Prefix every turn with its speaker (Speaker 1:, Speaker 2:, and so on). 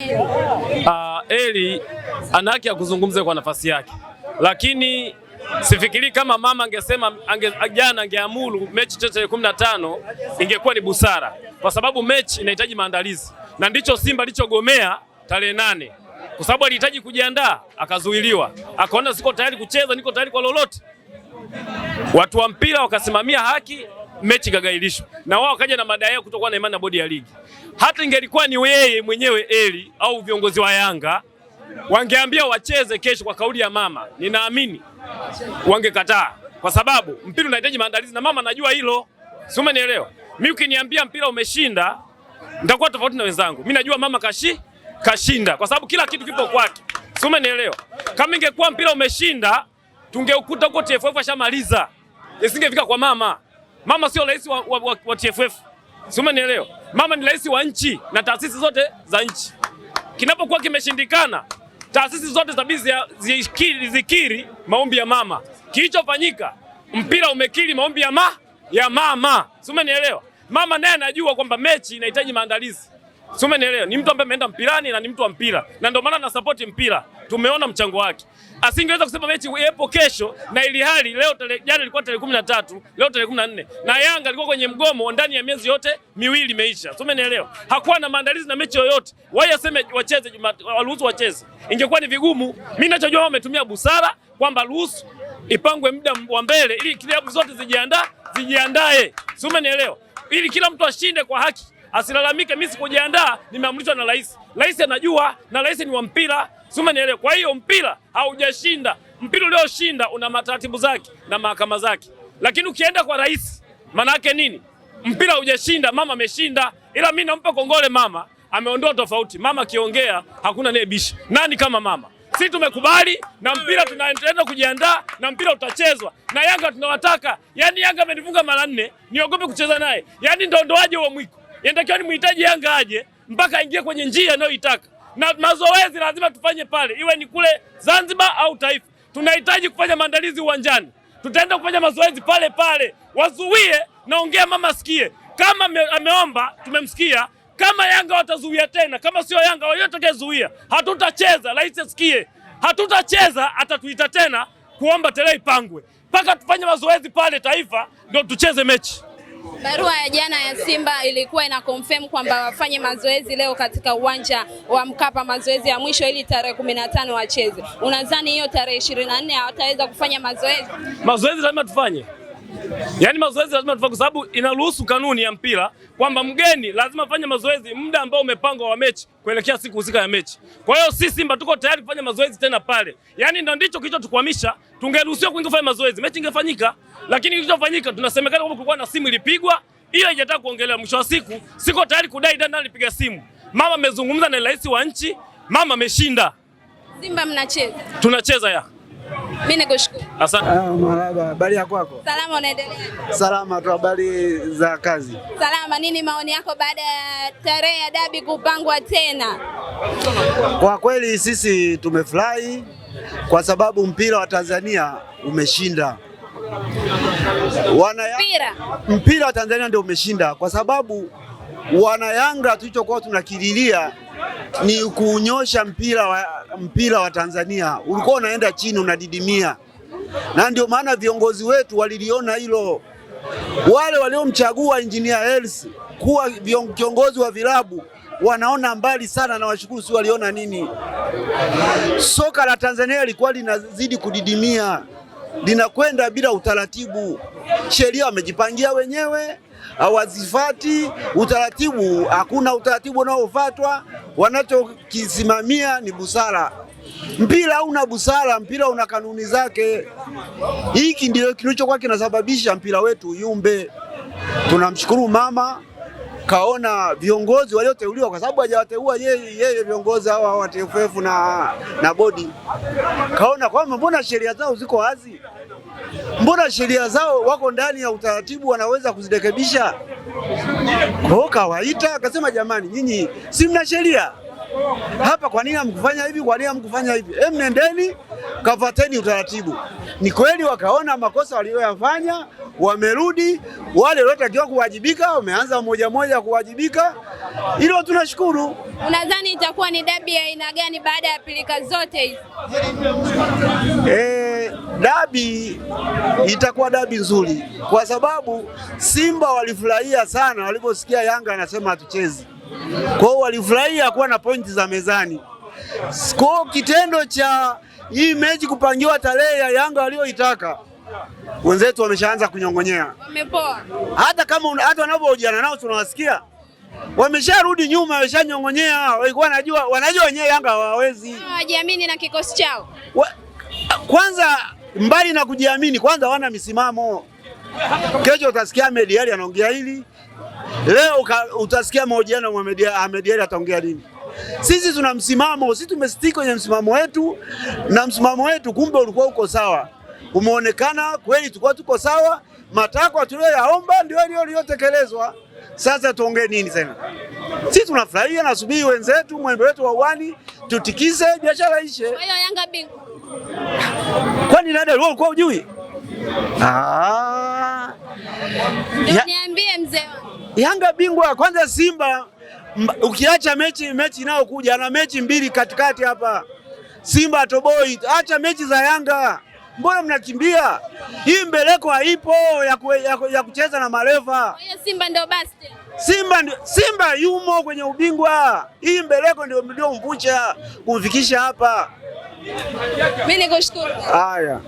Speaker 1: Uh, Eli ana haki ya kuzungumza kwa nafasi yake, lakini sifikiri kama mama angesema ange, jana angeamuru mechi tarehe kumi na tano ingekuwa ni busara, kwa sababu mechi inahitaji maandalizi na ndicho Simba alichogomea tarehe nane, kwa sababu alihitaji kujiandaa akazuiliwa, akaona siko tayari kucheza, niko tayari kwa lolote. Watu wa mpira wakasimamia haki mechi kagailishwa, na wao wakaja na madai yao kutokuwa na imani na bodi ya ligi. Hata ingelikuwa ni yeye mwenyewe Eli au viongozi wa Yanga wangeambia wacheze kesho kwa kauli ya mama, ninaamini wangekataa, kwa sababu mpira unahitaji maandalizi na mama anajua hilo, si umenielewa? Mimi ukiniambia mpira umeshinda, nitakuwa tofauti na wenzangu. Mimi najua mama kashi kashinda, kwa sababu kila kitu kipo kwake, si umenielewa? Kama ingekuwa mpira umeshinda, tungeukuta huko TFF ashamaliza, isingefika kwa mama. Mama sio rais wa, wa, wa, wa TFF, si umenielewa? Mama ni rais wa nchi na taasisi zote za nchi. Kinapokuwa kimeshindikana, taasisi zote tabidi zikiri, zikiri maombi ya mama. Kilichofanyika, mpira umekiri maombi ya, ma, ya mama, si umenielewa? Mama naye anajua kwamba mechi inahitaji maandalizi. Si umenielewa? Ni mtu ambaye ameenda mpirani na ni mtu wa mpira, na ndio maana na support mpira. Tumeona mchango wake, asingeweza kusema mechi yepo kesho, na ili hali leo, jana ilikuwa tarehe 13, leo tarehe 14, na Yanga alikuwa kwenye mgomo ndani ya miezi yote miwili imeisha. Si umenielewa? Hakuwa na maandalizi na mechi yoyote. Wao yaseme wacheze Jumatatu, waruhusu wacheze, ingekuwa ni vigumu. Mimi ninachojua wametumia busara kwamba ruhusu ipangwe muda wa mbele, ili klabu zote zijiandae, zijiandae. Si umenielewa? Ili kila mtu ashinde kwa haki asilalamike, mimi sikujiandaa, nimeamrishwa na rais. Rais anajua na rais ni wa mpira, si umenielewa? Kwa hiyo mpira haujashinda, mpira ulioshinda una mataratibu zake na mahakama zake, lakini ukienda kwa rais, maana yake nini? Mpira haujashinda, mama ameshinda. Ila mimi nampa kongole mama, ameondoa tofauti. Mama akiongea hakuna anayebisha. Nani kama mama? Sisi tumekubali na mpira tunaenda kujiandaa na mpira utachezwa. Na Yanga tunawataka. Yaani Yanga amenifunga mara nne, niogope kucheza naye. Yaani ndondoaje wa mwiko? inatakiwa ni mhitaji Yanga aje mpaka aingie kwenye njia anayoitaka, na mazoezi lazima tufanye pale, iwe ni kule Zanzibar au Taifa. Tunahitaji kufanya maandalizi uwanjani, tutaenda kufanya mazoezi pale pale. Wazuie, naongea mama sikie, kama me, ameomba tumemsikia. Kama Yanga watazuia tena, kama sio Yanga watakayezuia, hatutacheza. Rais asikie, hatutacheza. Atatuita tena kuomba tarehe ipangwe mpaka tufanye mazoezi pale Taifa ndio tucheze mechi.
Speaker 2: Barua ya jana ya Simba ilikuwa ina confirm kwamba wafanye mazoezi leo katika uwanja wa Mkapa, mazoezi ya mwisho ili tarehe kumi na tano wacheze. Unadhani hiyo tarehe ishirini na nne hawataweza kufanya mazoezi?
Speaker 1: Mazoezi lazima tufanye Yaani mazoezi lazima tufanye kwa sababu inaruhusu kanuni ya mpira kwamba mgeni lazima afanye mazoezi muda ambao umepangwa wa mechi kuelekea siku husika ya mechi. Kwa hiyo sisi Simba tuko tayari kufanya mazoezi tena pale. Yaani ndio ndicho kilichotukwamisha, tungeruhusiwa kuingia kufanya mazoezi, mechi ingefanyika, lakini kilichofanyika tunasemekana kwamba kulikuwa na simu ilipigwa hiyo haijataka kuongelea. Mwisho wa siku siko tayari kudai dada alipiga simu. Mama amezungumza na rais wa nchi, mama ameshinda.
Speaker 2: Simba mnacheza.
Speaker 1: Tunacheza ya
Speaker 2: mimi nakushukuru.
Speaker 3: Asante. Ah, marhaba. Habari yako kwako?
Speaker 2: Salama, unaendelea?
Speaker 3: Salama tu, habari za kazi?
Speaker 2: Salama. Nini maoni yako baada ya tarehe ya dabi kupangwa tena?
Speaker 3: Kwa kweli sisi tumefurahi kwa sababu mpira wa Tanzania umeshinda.
Speaker 2: Wana mpira,
Speaker 3: mpira wa Tanzania ndio umeshinda kwa sababu wana Yanga tulichokuwa tunakililia ni kuunyosha mpira wa mpira wa Tanzania ulikuwa unaenda chini, unadidimia, na ndio maana viongozi wetu waliliona hilo. Wale waliomchagua Injinia Hersi kuwa kiongozi wa vilabu wanaona mbali sana, na washukuru, si waliona nini? Soka la Tanzania lilikuwa linazidi kudidimia linakwenda bila utaratibu. Sheria wamejipangia wenyewe, hawazifati utaratibu, hakuna utaratibu unaofuatwa. Wanachokisimamia ni busara. Mpira una busara, mpira una kanuni zake. Hiki ndio kilichokuwa kinasababisha mpira wetu yumbe. Tunamshukuru mama kaona viongozi walioteuliwa, kwa sababu hajawateua yeye yeye, viongozi hawa wa TFF na, na bodi, kaona kwamba mbona sheria zao ziko wazi, mbona sheria zao wako ndani ya utaratibu, wanaweza kuzirekebisha. Kwa kawaita akasema, jamani, nyinyi si mna sheria hapa, kwa nini hamkufanya hivi? Kwa nini hamkufanya hivi? Hem, nendeni kafateni utaratibu. Ni kweli wakaona makosa waliyoyafanya, wamerudi. Wale waliotakiwa kuwajibika wameanza moja moja kuwajibika, hilo tunashukuru.
Speaker 2: Unadhani itakuwa ni dabi ya aina gani baada ya pilika zote hizi?
Speaker 3: Eh, dabi itakuwa dabi nzuri kwa sababu Simba walifurahia sana waliposikia Yanga anasema hatuchezi. Kwa hiyo walifurahia kuwa na pointi za mezani. Kwa kitendo cha hii mechi kupangiwa tarehe ya Yanga walioitaka wenzetu wameshaanza kunyongonyea,
Speaker 2: wamepoa.
Speaker 3: Hata kama hata wanapohojiana nao tunawasikia wamesharudi nyuma, wameshanyongonyea. Walikuwa wanajua wanajua wenyewe Yanga hawawezi,
Speaker 2: hawajiamini na kikosi chao
Speaker 3: kwanza mbali na kujiamini, kwanza wana misimamo. Kesho utasikia Ahmed Ally anaongea hili, leo utasikia mahojiano Ahmed Ally ataongea nini. Sisi tuna msimamo, sisi tumesitiki kwenye msimamo wetu, na msimamo wetu kumbe ulikuwa uko sawa, umeonekana kweli, tulikuwa tuko sawa. Matakwa tuliyoyaomba ndio yaliyotekelezwa. Sasa tuongee nini tena? Sisi tunafurahia, nasubiri wenzetu, mwembe wetu wa uani tutikise biashara ishe. Kwani nada wewe ulikuwa hujui? Ah.
Speaker 2: niambie mzee
Speaker 3: Yanga bingwa kwanza Simba ukiacha mechi mechi inayokuja na mechi mbili katikati hapa. Simba toboi acha mechi za Yanga mbona mnakimbia? Hii mbeleko haipo ya, ku, ya, ya kucheza na mareva.
Speaker 2: Simba ndio basi
Speaker 3: Simba, Simba yumo kwenye ubingwa. Hii mbeleko ndio mlio mvucha kumfikisha hapa.
Speaker 2: Mimi nikushukuru. Haya.